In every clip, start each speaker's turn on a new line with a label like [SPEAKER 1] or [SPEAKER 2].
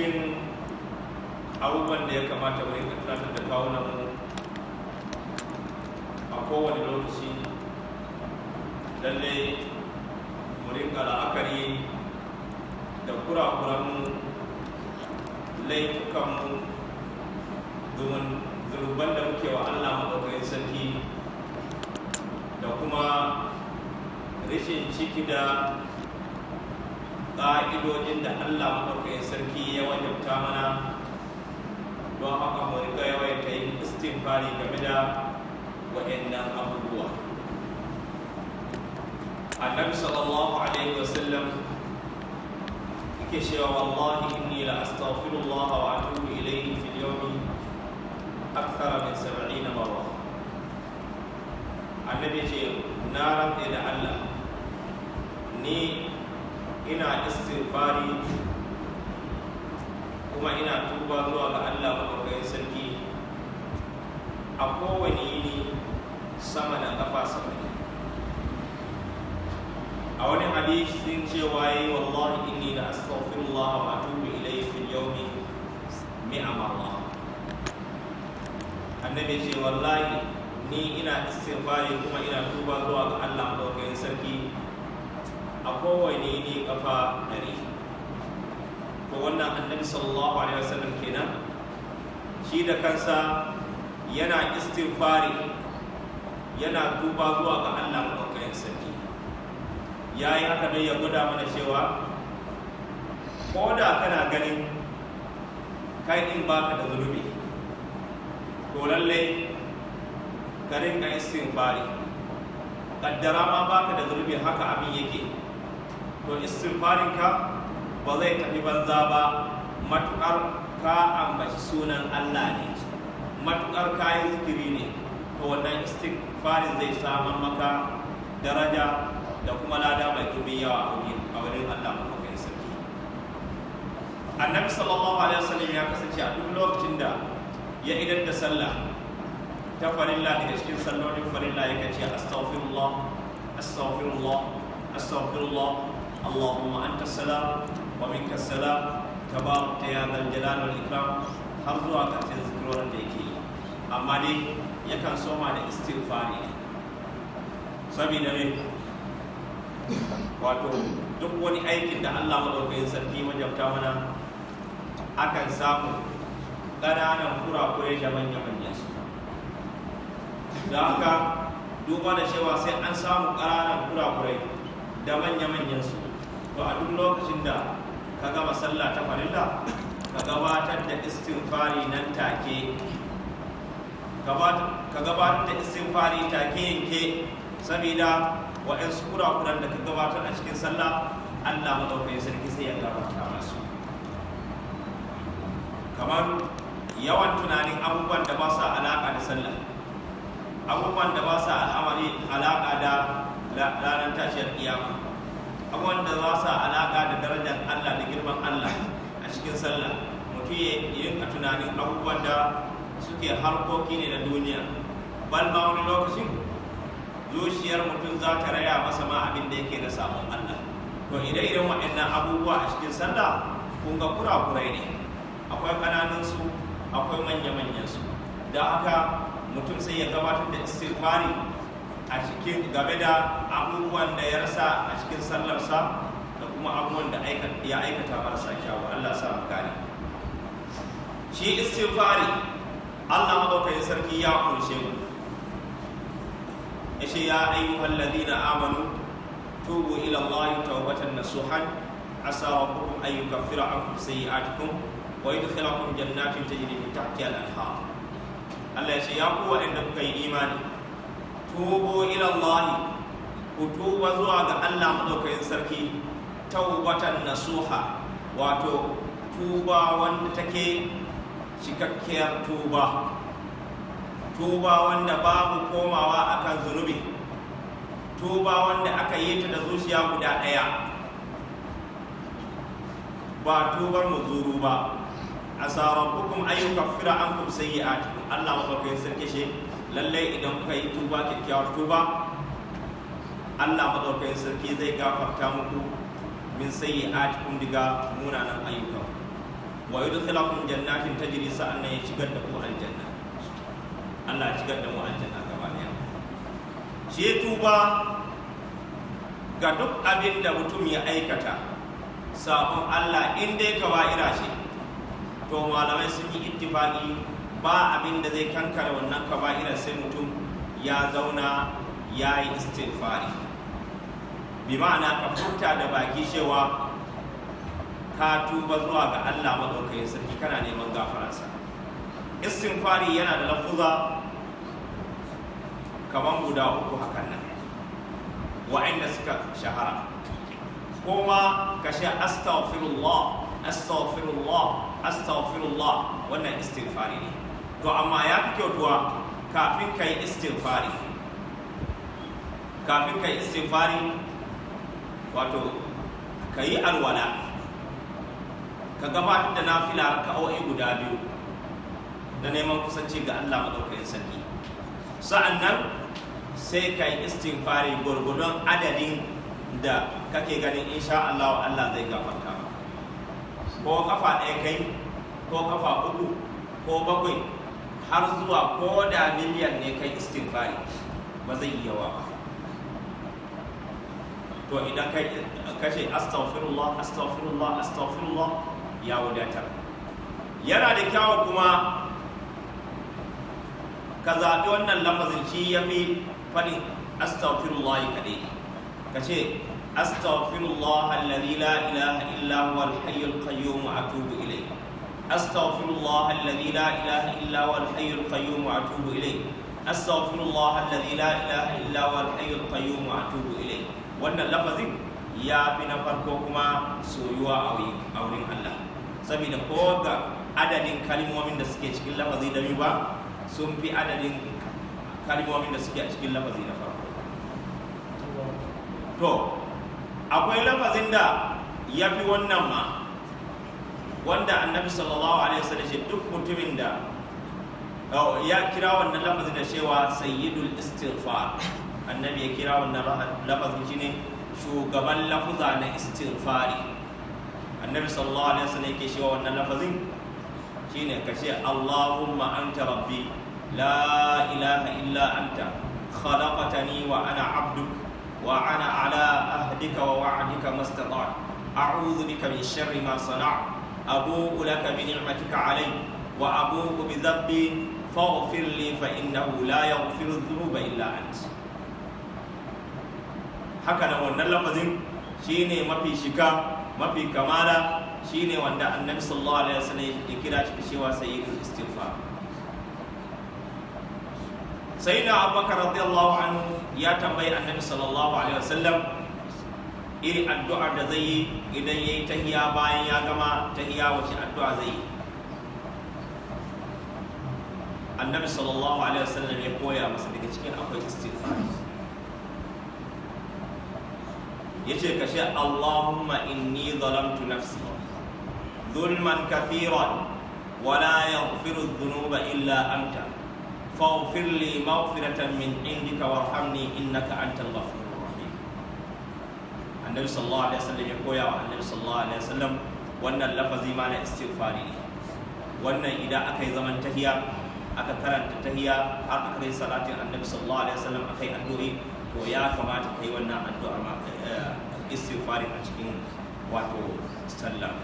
[SPEAKER 1] cikin abubuwan da ya kamata mu rika da kawunan mu a kowane lokaci lalle mu rika la'akari da kurakuran laifukanmu domin zunuban da muke wa Allah maɗaukakin sarki da kuma rashin ciki da ƙa'idojin da Allah maɗaukakin sarki ya wajabta mana don haka mu rika yawaita yin istighfari game da wa'annan abubuwa annabi sallallahu alaihi wasallam yake cewa wallahi inni la astaghfirullah wa atubu ilayhi fil yawmi akthara min 70 marra annabi ce na rantsa da Allah ni ina istighfari kuma ina tuba zuwa ga Allah maɗaukakin sarki a kowane yini sama da kafa sama ne a wani hadisin cewa yi wallahi inni da astaghfirullah wa atubu ilayhi fil yawmi mi'a marra annabi ce wallahi ni ina istighfari kuma ina tuba zuwa ga Allah maɗaukakin sarki a kowane ne kafa ɗari ko wannan annabi sallallahu alaihi wasallam kenan shi da kansa yana istighfari yana tuba zuwa ga Allah maɗaukakin sarki ya yi haka dai ya gwada mana cewa ko da kana ganin kai in baka da zunubi Ko lallai ka rinka istighfari kaddara ma baka da zulubi haka abin yake to istighfarinka ba zai tafi banza ba matukar ka ambaci sunan Allah ne matukar ka yi zikiri ne to wannan istighfarin zai samar maka daraja da kuma lada mai dubin yawa a wurin Allah kai sarki annabi sallallahu alaihi wasallam ya kasance a duk lokacin da ya idan da sallah ta farilla daga cikin sallolin farilla yake ce astaghfirullah astaghfirullah astaghfirullah اللهم أنت ta ومنك السلام تبارك يا ذا الجلال والإكرام har zuwa ƙarshen zikirorin da yake yi amma dai yakan soma da istighfari ne saboda ne wato duk wani aikin da Allah madaukakin sarki majabta mana akan samu ƙananan kurakurai da manya-manyan da haka duba da cewa sai an samu ƙananan kurakurai da manya-manyan to a duk lokacin da ka gama sallah ta farilla ka gabatar da istinfari nan take ka gabatar da istinfari take yanke saboda waɗansu kura-kuran da ka gabatar a cikin sallah Allah madaukakin sarki sai ya gabata masu kamar yawan tunanin abubuwan da ba sa alaƙa da sallah abubuwan da ba sa al'amari alaƙa da ranar tashiyar kiyama abuwan da za su alaƙa da darajar Allah da girman Allah a cikin sallah mutum ya yi a tunanin abubuwan da suke harkoki ne na duniya bal wani lokacin zuciyar mutum za ta raya masa ma abin da yake na samun Allah to idan irin waɗannan abubuwa a cikin sallah kun ga kurakurai ne akwai ƙananun su akwai manya-manyan su da haka mutum sai ya gabatar da istighfari a cikin game da abubuwan da ya rasa a cikin sallarsa da kuma abubuwan da ya aikata marasa kyawu Allah sa mu gane shi istighfari Allah madaukakin sarki ya kunshe mu yace ya ayyuhal ladina amanu tubu ila Allah tawbatan nasuhan asa rabbukum an yukaffira ankum sayi'atikum wa yudkhilakum jannatin tajri min tahtiha al-anhar Allah ya ce ya ku wa'anda kuka yi imani tubu ila Allah ku tuba zuwa ga Allah madaukakin sarki tawbatan nasuha wato tuba wanda take cikakkiyar tuba tuba wanda babu komawa akan zunubi tuba wanda aka yi ta da zuciya guda ɗaya ba tubar zuru ba asa rabbukum ayyukaffira ankum a Allah madaukakin sarki shi lallai idan kuka yi tuba kyakkyawar tuba Allah madaukakin sarki zai gafarta muku min cikin diga munanan ayyukan wa yudkhilakum jannatin ta sa'an na ya shigar da mu aljanna Allah ya shigar da mu aljanna gaba daya shi tuba ga duk abin da mutum ya aikata sabon Allah in dai kawa shi to malamai sun yi ittifaqi ba abin da zai kankara wannan kabaira sai mutum ya zauna ya yi istighfari bi ma'ana ka furta da baki cewa ka tuba zuwa ga Allah madaukakin sarki kana neman gafaransa istighfari yana da lafuza kaman guda uku hakan nan wa'anda suka shahara kuma ka ce astaghfirullah astaghfirullah astaghfirullah wannan istighfari ne to amma ya fi kyautuwa kafin ka yi istighfari kafin ka yi istighfari wato ka yi alwala ka gabatar da nafila raka'o'i guda biyu na neman kusanci ga Allah maɗaukakin sarki sa'an nan sai ka yi istighfari gwargwadon adadin da kake ganin insha Allah Allah zai gafarta ko kafa ɗaya kai ko kafa uku ko bakwai har zuwa ko da miliyan ne kai istighfari ba zai iya yawa ba to idan kai kace astaghfirullah astaghfirullah astaghfirullah ya wadatar yana da kyawu kuma ka zaɓi wannan lafazin shi ya fi faɗin astaghfirullah kaɗai ka ce astaghfirullah alladhi la ilaha illa huwa al-hayyul qayyum atubu استغفر الله الذي لا اله الا هو الحي القيوم واتوب اليه wannan lafazin ya fi na farko kuma soyuwa a wurin Allah saboda ko ga adadin kalmomin da suke cikin lafazi da biyu ba sun fi adadin kalmomin da suke cikin lafazi na farko to akwai lafazin da ya fi wannan ma wanda annabi sallallahu alaihi wasallam ce duk mutumin da oh, ya kira wannan lafazin da cewa sayyidul istighfar annabi ya kira wannan lafazin shine shugaban lafuza na istighfari annabi sallallahu alaihi wasallam yake cewa wannan lafazin shine kace Allahumma anta rabbi la ilaha illa anta khalaqtani wa ana abduk wa ana ala ahdika wa wa'dika mastata'tu a'udhu bika min sharri ma sana'tu أبوء لك بنعمتك علي وأبوء بذنبي فاغفر لي فإنه لا يغفر الذنوب إلا أنت هكذا wannan lafazin shine mafi shika mafi kamala shine wanda annabi sallallahu alaihi wasallam ya kira shi da cewa sayyidul istighfar sayyidina abubakar radiyallahu anhu ya tambayi annabi sallallahu alaihi Irin addu'ar da zai yi idan ya yi tahiya bayan ya gama tahiya wace addu'a zai yi annabi sallallahu alaihi wasallam ya koya masa daga cikin akwai istighfar ce ka ce Allahumma inni zalamtu nafsi zulman kathiran ولا يغفر الذنوب إلا أنت فاغفر لي مغفرة من عندك وارحمني إنك أنت الغفور annabi sallallahu alaihi wasallam ya koya wa annabi sallallahu alaihi wasallam wannan lafazi ma na istighfari ne wannan idan aka yi zaman tahiya aka karanta tahiya har aka yi salatin annabi sallallahu alaihi wasallam aka yi addu'o'i to ya kamata kai wannan addu'a ma eh, istighfari a cikin wato sallar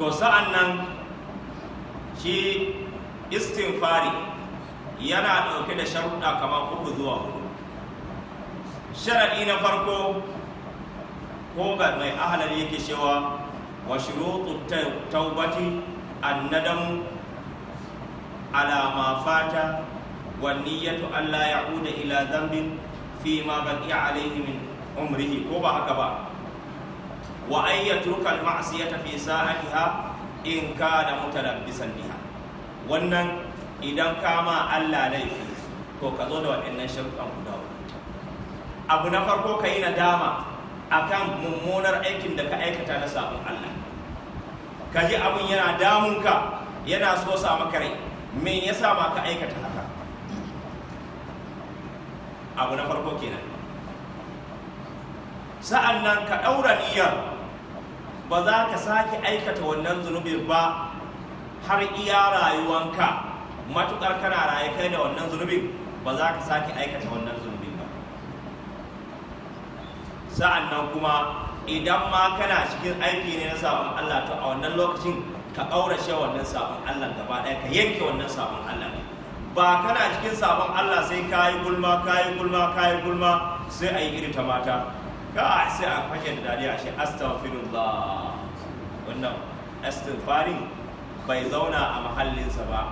[SPEAKER 1] to sa'an nan shi istighfari yana ɗauke da sharuɗa kamar uku zuwa hudu sharaɗi na farko ko ga mai ahalar yake cewa wa shurutu taubati annadamu ala ma fata wa Allah ya ya'uda ila dhanbin fi ma baqiya alayhi min umrihi ko ba haka ba wa an yatruka al ma'siyata fi sa'atiha in kana mutalabbisan biha wannan idan kama Allah laifi to ka zo da waɗannan sharuɗan guda abu na farko ka yi nadama akan mummunar aikin da ka aikata na sabon Allah ka ji abin yana damunka yana so sa maka rai me yasa ma ka aikata haka abu na farko kenan Sa'annan ka ɗaura niyyar ba za ka sake aikata wannan zunubin ba har iya rayuwanka matuƙar kana raye kai da wannan zunubin ba za ka sake aikata wannan sa'an nan kuma idan ma kana cikin aiki ne na sabon Allah to a wannan lokacin ka ƙaurashe wannan sabon Allah gaba ɗaya ka yanke wannan sabon Allah ne ba kana cikin sabon Allah sai ka yi gulma ka yi gulma ka yi gulma sai a yi iri ta mata ka sai a fashe da dariya shi astaghfirullah wannan astaghfarin bai zauna a mahallinsa ba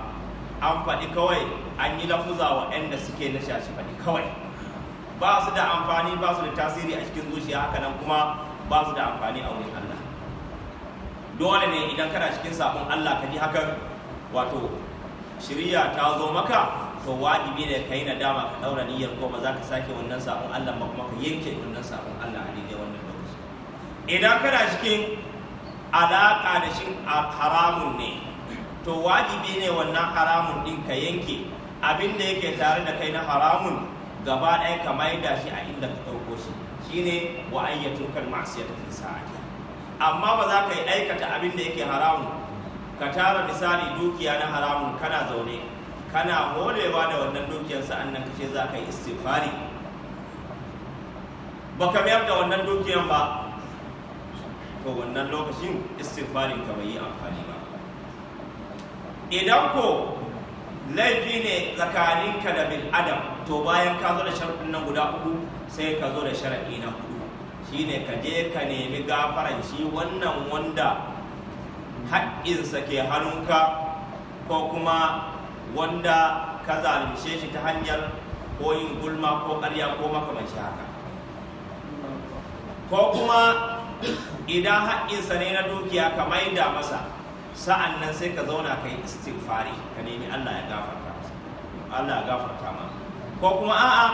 [SPEAKER 1] an faɗi kawai an yi lafuza waɗanda suke na shashi faɗi kawai ba su da amfani ba su da tasiri a cikin zuciya haka nan kuma ba su da amfani a wurin Allah dole ne idan kana cikin sabon Allah ka ji hakan wato shirya ta zo maka to wajibi ne ka yi nadama ka daura niyyar ko ba za ka sake wannan sabon Allah ba kuma ka yanke wannan sabon Allah a daidai wannan lokaci idan kana cikin alaka da shin haramun ne to wajibi ne wannan haramun din ka yanke abin da yake tare da kai na haramun gaba ɗaya ka da shi a inda ka ɗauko shi shine wa ayyatukal ma'siyata fi sa'ati amma ba za ka yi aikata abin da yake haramun? ka tara misali dukiya na haramun kana zaune kana horewa da wannan dukiyar nan kace za ka yi istighfari baka mayar da wannan dukiyar ba to wannan lokacin istighfarin ka bai yi amfani ba idan ko laifi ne tsakaninka da bil adam to bayan ka zo da sharuɗin nan guda uku sai ka zo da sharaɗi na hudu shine ka je ka nemi gafaran shi wannan wanda haƙƙinsa ke hannunka ko kuma wanda ka zalunce shi ta hanyar ko gulma ko ƙarya ko makamanci haka ko kuma idan haƙƙinsa ne na dukiya ka maida masa sa'an nan sai ka zauna ka yi istighfari ka nemi Allah ya gafarta Allah ya gafarta ma ko kuma a'a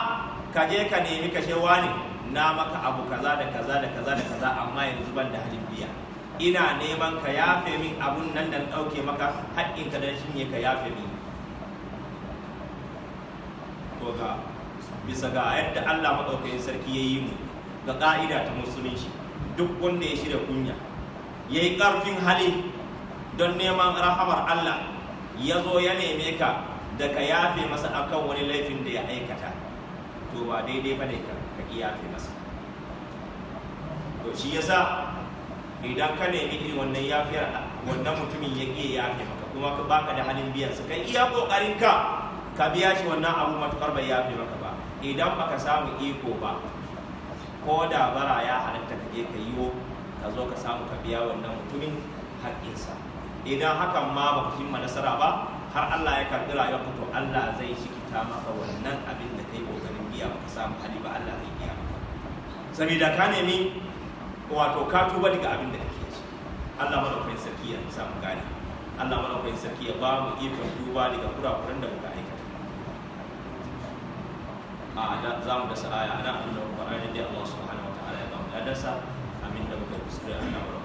[SPEAKER 1] ka je ka nemi ka shewa ne na maka abu kaza da kaza da kaza da kaza amma yanzu ban da halin biya ina neman ka yafe min abun nan da ɗauke maka haƙƙin ka dan shine ka yafe min ko ga bisa ga yadda Allah maɗaukai sarki ya yi mu ga ƙa'ida ta musulunci duk wanda ya shirya kunya yayi ƙarfin hali don neman rahamar Allah ya zo ya neme ka da ka yafe masa akan wani laifin da ya aikata to ba daidai ba ne ka yafe masa to shi yasa idan ka nemi irin wannan yafiyar wannan mutumin ya ke yafe maka kuma ka baka da halin biyan sa kai iya kokarin ka ka biya shi wannan abu matukar bai yafe maka ba idan baka samu iko ba ko da bara ya halatta ka je ka yiwo ka zo ka samu ka biya wannan mutumin haƙƙinsa idan hakan ma ku himma nasara ba har Allah ya karɓi rayuwarka to Allah zai shikita maka wannan abin da kai kokarin biya baka samu hali ba Allah zai biya maka saboda ka nemi wato ka tuba daga abin da kake ci Allah madaukakin sarki ya samu gani Allah madaukakin sarki ya ba mu ikon tuba daga kurakuran da muka aikata a za mu dasa aya ana abin da Allah subhanahu wa ya ba mu ladarsa amin da muka kusura Allah